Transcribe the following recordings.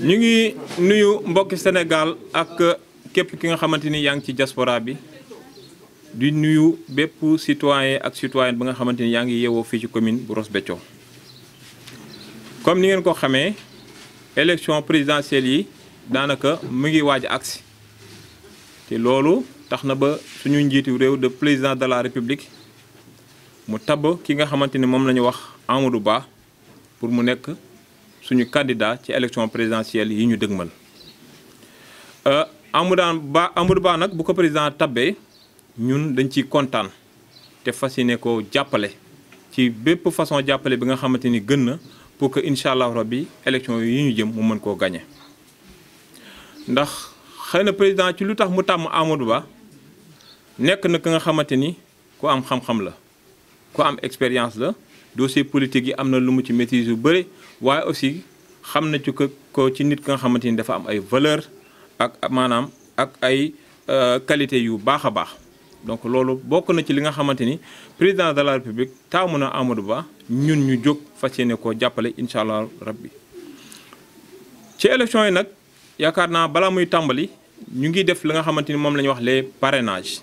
ñu ngi nuyu mbokki Sénégal ak képp ki nga xamante ni yaa ngi ci diaspora bi di nuyu bépp citoyen ak citoyenne bi nga xamante ni yaa ngi yeewoo fii ci commune bu Ross Béthio comme ni ngeen ko xamee élection présidentielle yi daanaka mu ngi waaj agsi te loolu tax na ba suñu njiitu réew de président de la république mu tabb ki nga xamante ni moom la ñu wax Amadou Ba pour mu nekk suñu candidat ci élection présidentielle yi ñu dëgmal euh, Amadou Ba Amadou Ba nag bu ko président tabbee ñun dañ ciy kontaan te fas yi ne ko jàppale ci bépp façon jàppale bi nga xamante ni gën na pour que incha allah rabbi élection yi ñu jëm mu mën koo gañe ndax xëy na président ci lu tax mu tàmm Amadou Ba nekk na ki nga xamante ni ku am xam-xam la ku am expérience la dossier politique yi am na lu mu ci maîtrise yu bëri waaye aussi xam na ci ko ko ci nit ki nga xamante ni dafa am ay valeur ak maanaam ak ay euh, qualité yu baax a baax donc loolu bokk na ci li nga xamante ni président de la république taamu na Amadou Ba ñun ñu jóg fas yéene koo jàppale incha allah rabbi ci élection yi nag yaakaar naa balaa muy tàmbali ñu ngi def li nga xamante ni moom la ñuy wax les parrainages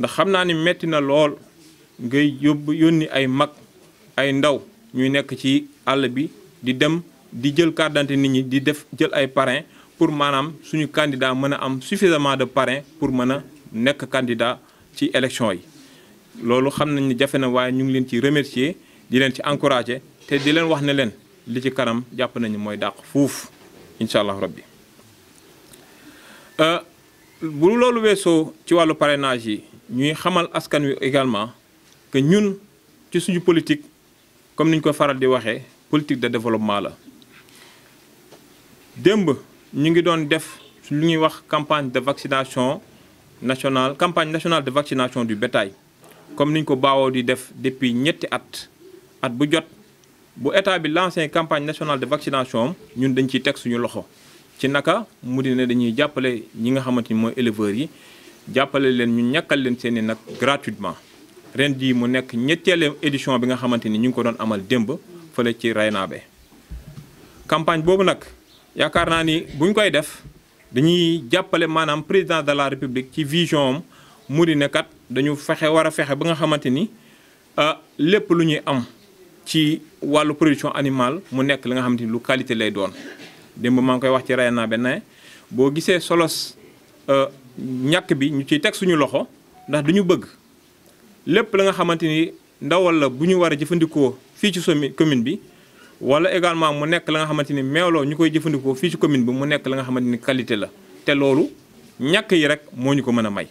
ndax xam naa ni metti na lool ngay yóbbu yónni ay mag ay ndaw ñuy nekk ci àll bi di dem di jël carte nit ñi di def jël ay parrain pour maanaam suñu candidat mën a am suffisamment de parrain pour mën a nekk kandidaa ci élection yi loolu xam nañ ne jafe na waaye ñu ngi leen ci remercier di leen ci encourager te di leen wax na leen li ci kanam jàpp nañu mooy dàq fuuf incha allah rabbi euh, bu ce weesoo ci wàllu parrainage nous ñuy xamal askan wi également que ñun ci suñu politique comme nous ñu ko faral di politique de développement la D'emb, ñu ngi doon def wax campagne de vaccination nationale campagne nationale de vaccination du bétail comme nous ñu ko di def depuis ñetti at at bu jot bu état bi lancé campagne nationale de vaccination ñun dañ ciy teg suñu loxo ci naka mu di ne dañuy jàppale ñi nga xamante ni mooy éleveurs yi jàppale leen ñu ñàkkal leen seen i nag gratuitement ren jii mu nekk ñetteelu édition bi nga xamante ni ñu ngi ko doon amal démb fële ci ray Raynaabe campagne boobu nag yaakaar naa ni buñ koy def dañuy jàppale maanaam président de la république ci vision am mu di ne kat dañu fexe war a fexe ba nga xamante ni euh, lépp lu ñuy am ci wàllu production animale mu nekk li nga xamante ni lu qualité lay doon. démb maa ngi koy wax ci rayon naa boo gisee solos euh, ñàkk bi ñu ciy teg suñu loxo ndax duñu bëgg lépp la nga xamante ni ndawal la bu ñu war a jëfandikoo fii ci somi commune bi wala également mu nekk la nga xamante ni meewloo ñu koy jëfandikoo ci commune bi mu nekk la nga xamante ni qualité la te loolu ñàkk yi rek moo ñu ko mën a may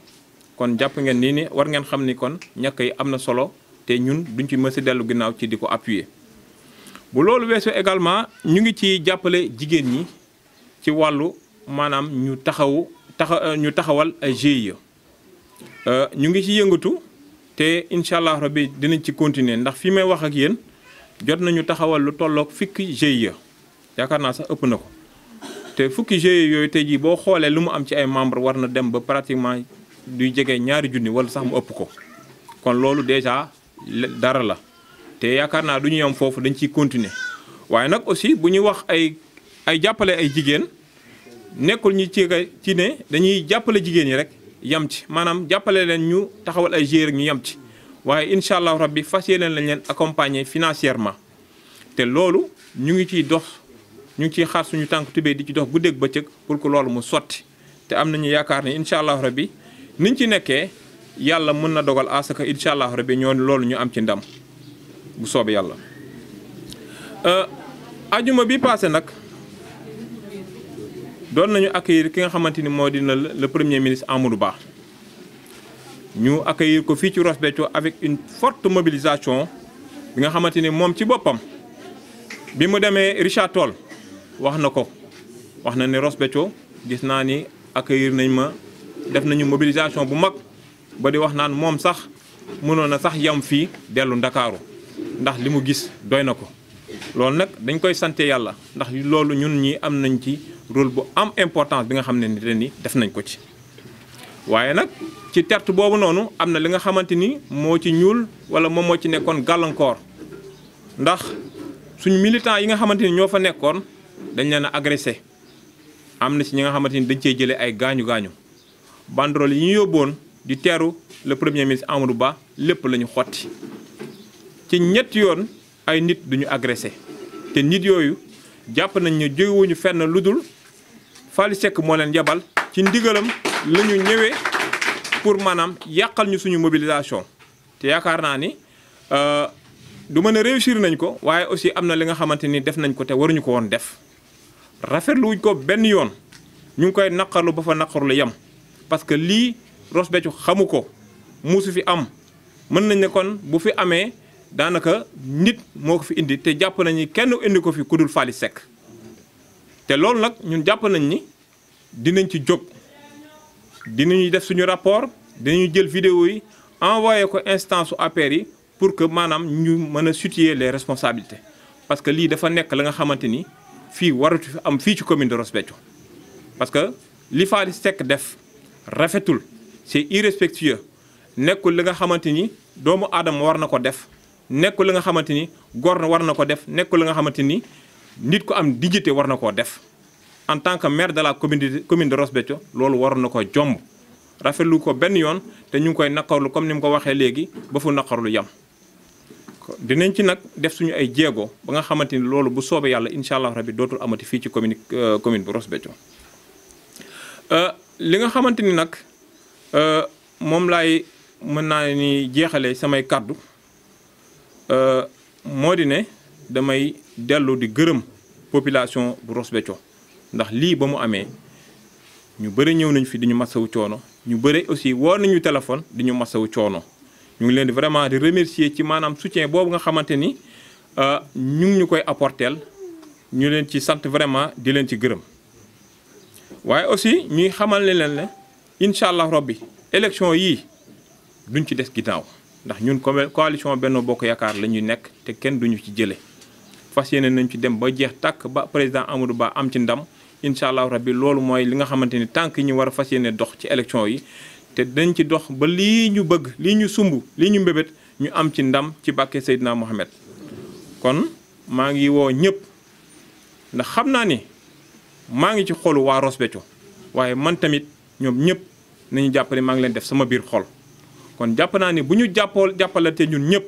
kon jàpp ngeen nii ni war ngeen xam ni kon ñàkk yi am na solo te ñun duñ ci mës dellu ginnaaw ci di ko appuyer bu loolu weesoo également ñu ngi ci jàppale jigéen ñi ci wàllu maanaam ñu taxawu taxa euh, ñu taxawal ay GIE euh, ñu ngi ci yëngatu te incha allah rabbi dinañ ci continuer ndax fi may wax ak yéen jot nañu taxawal lu tolloog fukki GIE yaakaar naa sax ëpp na ko te fukki GIE yooyu tey jii boo xoolee lu mu am ci ay membre war na dem ba pratiquement duy jege ñaari junni wala sax mu ëpp ko kon loolu déjà dara la te yaakaar naa du ñu yem foofu dañu ciy continuer waaye nag aussi bu ñu wax ay ay jàppale ay jigéen nekkul ñu ci ci ne dañuy jàppale jigéen ñi rek yem ci maanaam jàppale leen ñu taxawal ay GIE rek ñu yam ci waaye incha allah rabbi fas leen lañ leen accompagner financièrement te loolu ñu ngi ciy dox ñu ngi ciy xaar suñu tànk tubéy di ci dox guddeeg bëccëg pour que loolu mu sotti te am nañu yaakaar ne incha allah rabbi niñ ci nekkee yàlla mën na dogal asaka incha allah rabbi ñoo loolu ñu am ci ndam bu soobee yàlla euh, ajuma bi passé nak don nañu accueillir ki nga xamanteni ni le premier ministre Amadou Ba ñu accueillir ko fi ci avec une forte mobilisation bi nga xamanteni mom ci bopam bi mu démé Richard Toll wax na ko wax na ne gis na ni accueillir nañ ma def nañu mobilisation bu mag ba di wax nan mom sax mënon na sax yam fi dellu Ndakaaru ndax li mu gis doy na ko loolu nag dañ koy sante yàlla ndax loolu ñun ñi am nañ ci rôle bu am importance bi nga xam ne ni def nañ ko ci waaye nag ci tert boobu noonu am na li nga xamante ni moo ci ñuul wala moom moo ci nekkoon gàllankoor ndax suñu militant yi nga xamante ni ñoo fa nekkoon dañ leen a agressé am na ci ñi nga xamante ni dañ cee jëlee ay gaañu gaañu banderole yi ñu yóbboon di teru le premier ministre Amadou Ba lépp la ñu xotti ci ñetti yoon ay nit duñu agressé te nit yooyu jàpp nañ ne jógewuñu fenn lu dul Fally Seck moo leen jabal ci ndigalam la ñu ñëwee pour maanaam yàqal ñu suñu mobilisation te yaakaar naa ni euh, du mën a réussir nañ ko waaye aussi am na li nga xamante ni def nañ ko te waruñu ko woon def wuñ ko benn yoon ñu ngi koy naqarlu ba fa naqarlu yem parce que lii Ross xamu ko musu fi am mën nañ ne kon bu fi amee Danaka, nit moko fi indi te nañ ni kenn indi ko fi kudul fali Faly te loolu nag ñun japp nañ ni dinañ ci jóg dinañuy def suñu rapport dinañu jël vidéo yi envoyer ko instance au APR yi pour que manam ñu mën a situer les responsabilités parce que li dafa nek la nga xamante fi waratu fi am fi ci commune de Ross parce que li fali Seck def rafetul c'est irrespectueux nekul li nga xamante doomu adam war na ko def nekk li nga xamante ni góor na war na ko def nekk li nga xamante ni nit ko am dignité war na koo def en tant que maire de la commune de commune de loolu war na ko jomb rafetlu ko benn yoon te ñu ngi koy naqarlu comme ni mu ko waxee léegi ba fu naqarlu yam dinañ ci nag def suñu ay jéego ba nga xamante ni loolu bu soobee yàlla incha allah rabi dootul amati fii ci commune euh, commune bu Ross euh, li nga xamante ni nag euh, moom lay mën naa ni jeexalee samay kàddu Euh, moo di ne damay dellu di gërëm population bu Ross ndax lii ba mu amee ñu bëri ñëw nañ fi di ñu masawu coono ñu bëri aussi woo nañu téléphone di ñu wu coono ñu ngi leen di vraiment di remercier ci maanaam soutien boobu nga xamante ni euh, ñu ñu koy apporteel ñu leen ci sant vraiment di leen ci gërëm waaye aussi ñuy xamal ne leen ne incha allah rabbi élection yii duñ ci des ginnaaw. ndax ñun coalition benn Bokk Yaakaar la ñuy nekk te kenn duñu ci jële fas yéene nañ ci dem ba jeex tàkk ba président Amadou Ba am ci ndam incha allahu bi loolu mooy li nga xamante ni tànk ñu war a fas yéene dox ci élection yi te dañ ci dox ba lii ñu bëgg lii ñu sumb lii ñu mbébét ñu am ci ndam ci bàkke Seydina Mohamed kon maa ngi woo ñëpp ndax xam naa ni maa ngi ci xolu waa Ross waaye man tamit ñoom ñëpp nañu jàpp maa ngi leen def sama biir xol kon jàpp naa ni bu ñu jàppoo jàppalante ñun ñëpp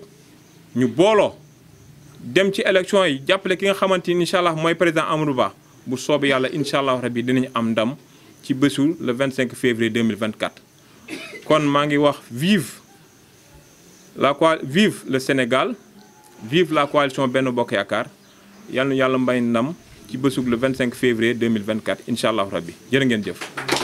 ñu booloo dem ci élection yi jàppale ki nga xamante ni incha allah mooy président Amadou Ba bu soobee yàlla incha allah rabbi dinañ am ndam ci bésu le 25 février 2024. kon maa ngi wax vive la quoi vive le Sénégal vive la coalition benn Bokk Yaakaar yal na yàlla mbay ndam ci bésug le 25 février 2024 incha allah rabbi jërë ngeen jëf.